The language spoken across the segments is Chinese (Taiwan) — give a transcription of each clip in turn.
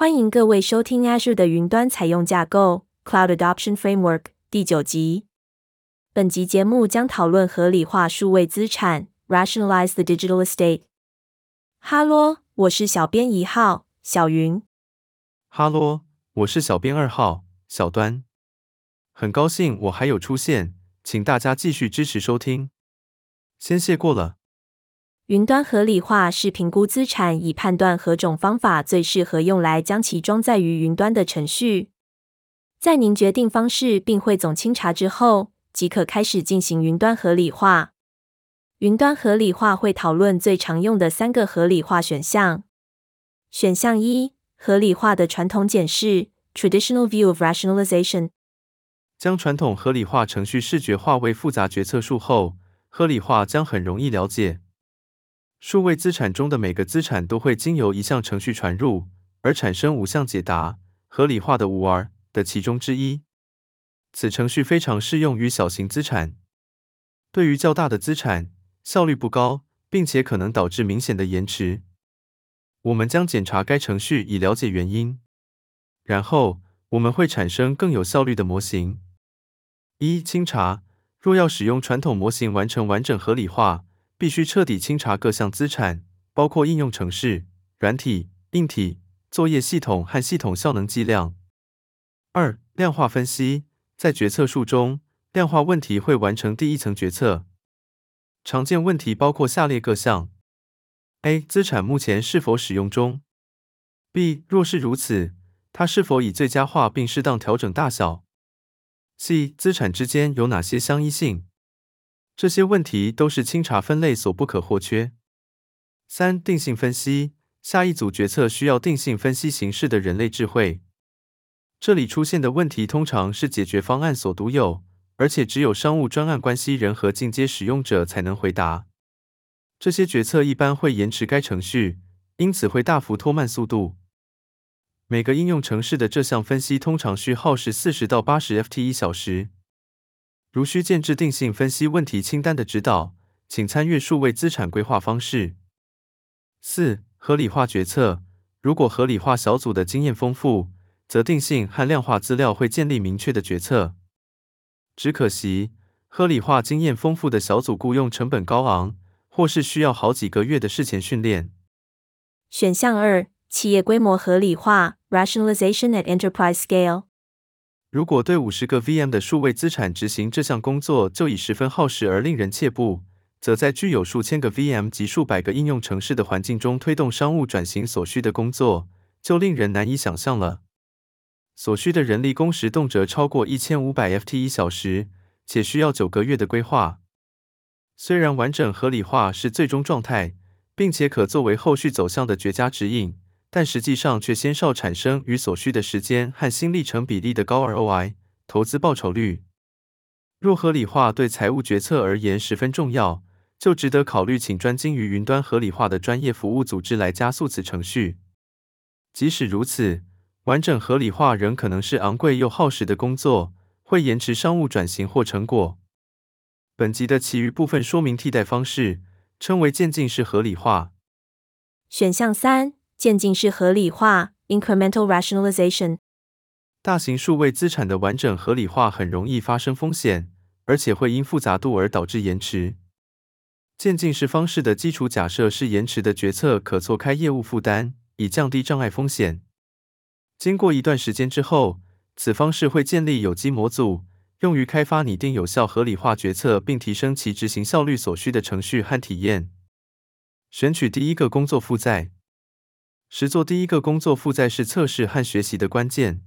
歡迎各位收聽 Azure 的雲端採用架構 Cloud Adoption Framework 第九集。本集節目將討論合理化數位資產 Rationalize the digital estate。哈嘍，我是小編一號小雲。哈嘍，我是小編二號小端。很高興我還有出現，請大家繼續支持收聽，先謝過了。雲端合理化是評估資產以判斷何種方法最適合用來將其裝載於雲端的程序。在您決定方式並匯總清查之後，即可開始進行雲端合理化。雲端合理化會討論最常用的三個合理化選項。選項一：合理化的傳統檢視 （Traditional View of Rationalization）。將傳統合理化程序視覺化為複雜決策樹後，合理化將很容易了解。數位資產中的每個資產都會經由一項程序傳入，而產生五項解答合理化的五 R 的其中之一。此程序非常適用於小型資產，對於較大的資產效率不高，並且可能導致明顯的延遲。我們將檢查該程序以了解原因，然後我們會產生更有效率的模型。一、清查，若要使用傳統模型完成完整合理化。必須徹底清查各項資產，包括應用程式、軟體、硬體、作業系統和系統效能計量。二、量化分析，在決策樹中，量化問題會完成第一層決策。常見問題包括下列各項：a. 資產目前是否使用中？b. 若是如此，它是否已最佳化並適當調整大小？c. 資產之間有哪些相依性？這些問題都是清查分類所不可或缺。三、定性分析，下一組決策需要定性分析形式的人類智慧。這裡出現的問題通常是解決方案所獨有，而且只有商務專案關係人和進階使用者才能回答。這些決策一般會延遲該程序，因此會大幅拖慢速度。每個應用程式的這項分析通常需耗時四十到八十 ft 一小時。如需建置定性分析問題清單的指導，請參閱數位資產規劃方式。四、合理化決策。如果合理化小組的經驗豐富，則定性和量化資料會建立明確的決策。只可惜，合理化經驗豐富的小組僱用成本高昂，或是需要好幾個月的事前訓練。選項二：企業規模合理化 （Rationalization at Enterprise Scale）。如果對五十個 VM 的數位資產執行這項工作就已十分耗時而令人卻步，則在具有數千個 VM 及數百個應用程式的環境中推動商務轉型所需的工作就令人難以想象了。所需的人力工時動輒超過一千五百 FT 一小時，且需要九個月的規劃。雖然完整合理化是最終狀態，並且可作為後續走向的絕佳指引。但實際上卻鮮少產生與所需的時間和心力成比例的高 ROI 投資報酬率。若合理化對財務決策而言十分重要，就值得考慮請專精於雲端合理化的專業服務組織來加速此程序。即使如此，完整合理化仍可能是昂貴又耗時的工作，會延遲商務轉型或成果。本集的其餘部分說明替代方式，稱為漸進式合理化。選項三。漸進式合理化 （Incremental Rationalization） 大型數位資產的完整合理化很容易發生風險，而且會因複雜度而導致延遲。漸進式方式的基礎假設是延遲的決策可錯開業務負擔，以降低障礙風險。經過一段時間之後，此方式會建立有機模組，用於開發擬定有效合理化決策並提升其執行效率所需的程序和體驗。選取第一個工作負載。實做第一個工作負載是測試和學習的關鍵，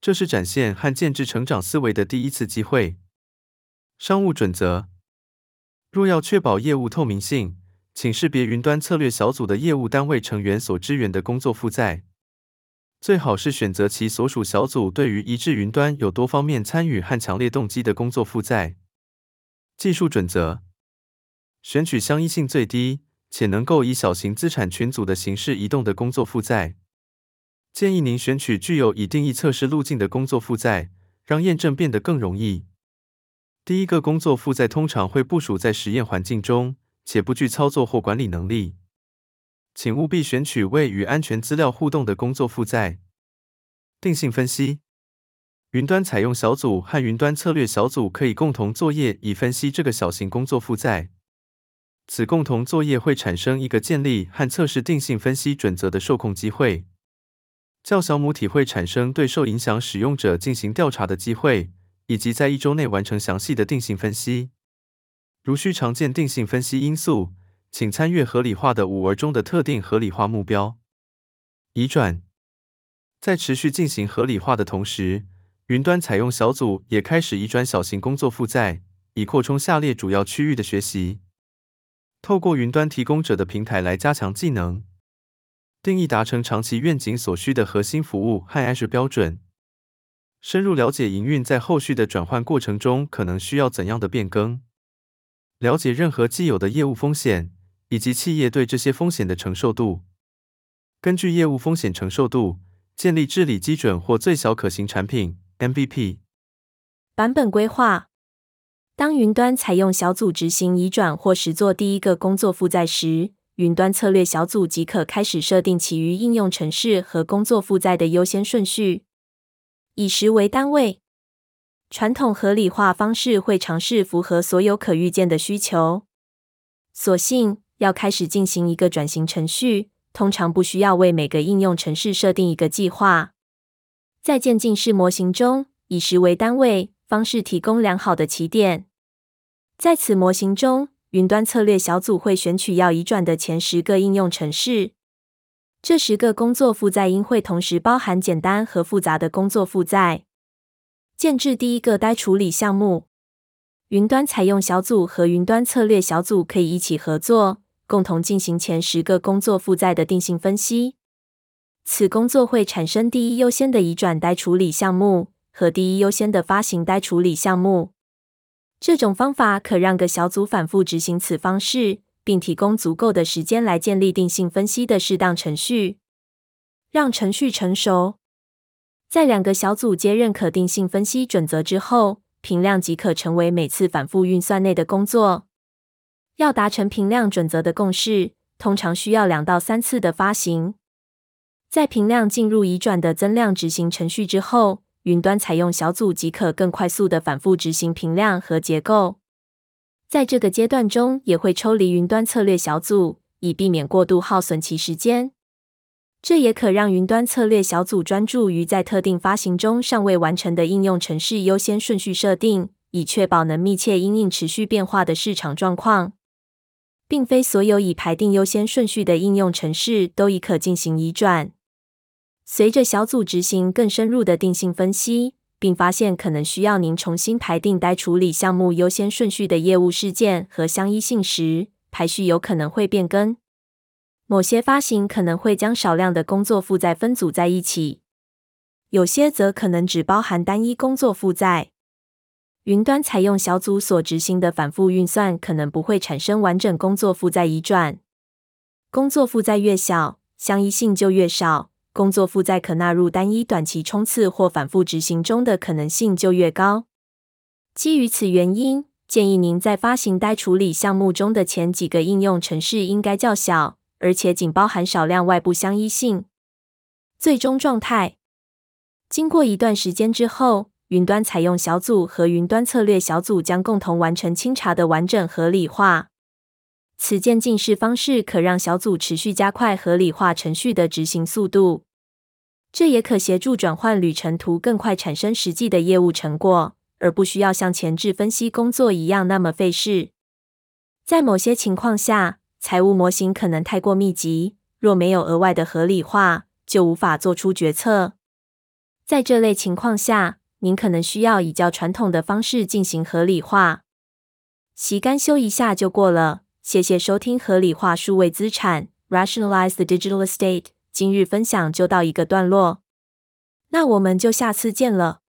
這是展現和建置成長思維的第一次機會。商務準則：若要確保業務透明性，請識別雲端策略小組的業務單位成員所支援的工作負載，最好是選擇其所屬小組對於一致雲端有多方面參與和強烈動機的工作負載。技術準則：選取相依性最低且能夠以小型資產群組的形式移動的工作負載，建議您選取具有已定義測試路徑的工作負載，讓驗證變得更容易。第一個工作負載通常會部署在實驗環境中，且不具操作或管理能力。請務必選取未與安全資料互動的工作負載。定性分析，雲端採用小組和雲端策略小組可以共同作業以分析這個小型工作負載。此共同作業會產生一個建立和測試定性分析準則的受控機會，較小母體會產生對受影響使用者進行調查的機會，以及在一周內完成詳細的定性分析。如需常見定性分析因素，請參閱合理化的五 R 中的特定合理化目標。移轉，在持續進行合理化的同時，雲端採用小組也開始移轉小型工作負載，以擴充下列主要區域的學習。透過雲端提供者的平台來加強技能，定義達成長期願景所需的核心服務和 Azure 標準，深入了解營運在後續的轉換過程中可能需要怎樣的變更，了解任何既有的業務風險以及企業對這些風險的承受度，根據業務風險承受度建立治理基準或最小可行產品 （MVP） 版本規劃。當雲端採用小組執行移轉或實做第一個工作負載時，雲端策略小組即可開始設定其餘應用程式和工作負載的優先順序。以時為單位，傳統合理化方式會嘗試符合所有可預見的需求。所幸要開始進行一個轉型程序，通常不需要為每個應用程式設定一個計劃。在漸進式模型中，以時為單位。方式提供良好的起點。在此模型中，雲端策略小組會選取要移轉的前十個應用程式。這十個工作負載應會同時包含簡單和複雜的工作負載。建置第一個待處理項目。雲端採用小組和雲端策略小組可以一起合作，共同進行前十個工作負載的定性分析。此工作會產生第一優先的移轉待處理項目。和第一優先的發行待處理項目。這種方法可讓各小組反覆執行此方式，並提供足夠的時間來建立定性分析的適當程序，讓程序成熟。在兩個小組皆認可定性分析準則之後，評量即可成為每次反覆運算內的工作。要達成評量準則的共識，通常需要兩到三次的發行。在評量進入移轉的增量執行程序之後。雲端採用小組即可更快速地反覆執行評量和結構。在這個階段中，也會抽離雲端策略小組，以避免過度耗損其時間。這也可讓雲端策略小組專注於在特定發行中尚未完成的應用程式優先順序設定，以確保能密切因應持續變化的市場狀況。並非所有已排定優先順序的應用程式都已可進行移轉。隨着小組執行更深入的定性分析，並發現可能需要您重新排定待處理項目優先順序的業務事件和相依性時，排序有可能會變更。某些發行可能會將少量的工作負載分組在一起，有些則可能只包含單一工作負載。雲端採用小組所執行的反複運算，可能不會產生完整工作負載移轉。工作負載越小，相依性就越少。工作負載可納入單一短期衝刺或反覆執行中的可能性就越高。基於此原因，建議您在發行待處理項目中的前幾個應用程式應該較小，而且僅包含少量外部相依性。最終狀態。經過一段時間之後，雲端採用小組和雲端策略小組將共同完成清查的完整合理化。此漸進式方式可讓小組持續加快合理化程序的執行速度。這也可協助轉換旅程圖更快產生實際的業務成果，而不需要像前置分析工作一樣那麼費事。在某些情況下，財務模型可能太過密集，若沒有額外的合理化，就無法做出決策。在這類情況下，您可能需要以較傳統的方式進行合理化。其干修一下就過了。謝謝收聽《合理化數位資產》（Rationalize the Digital Estate）。今日分享就到一個段落，那我們就下次見了。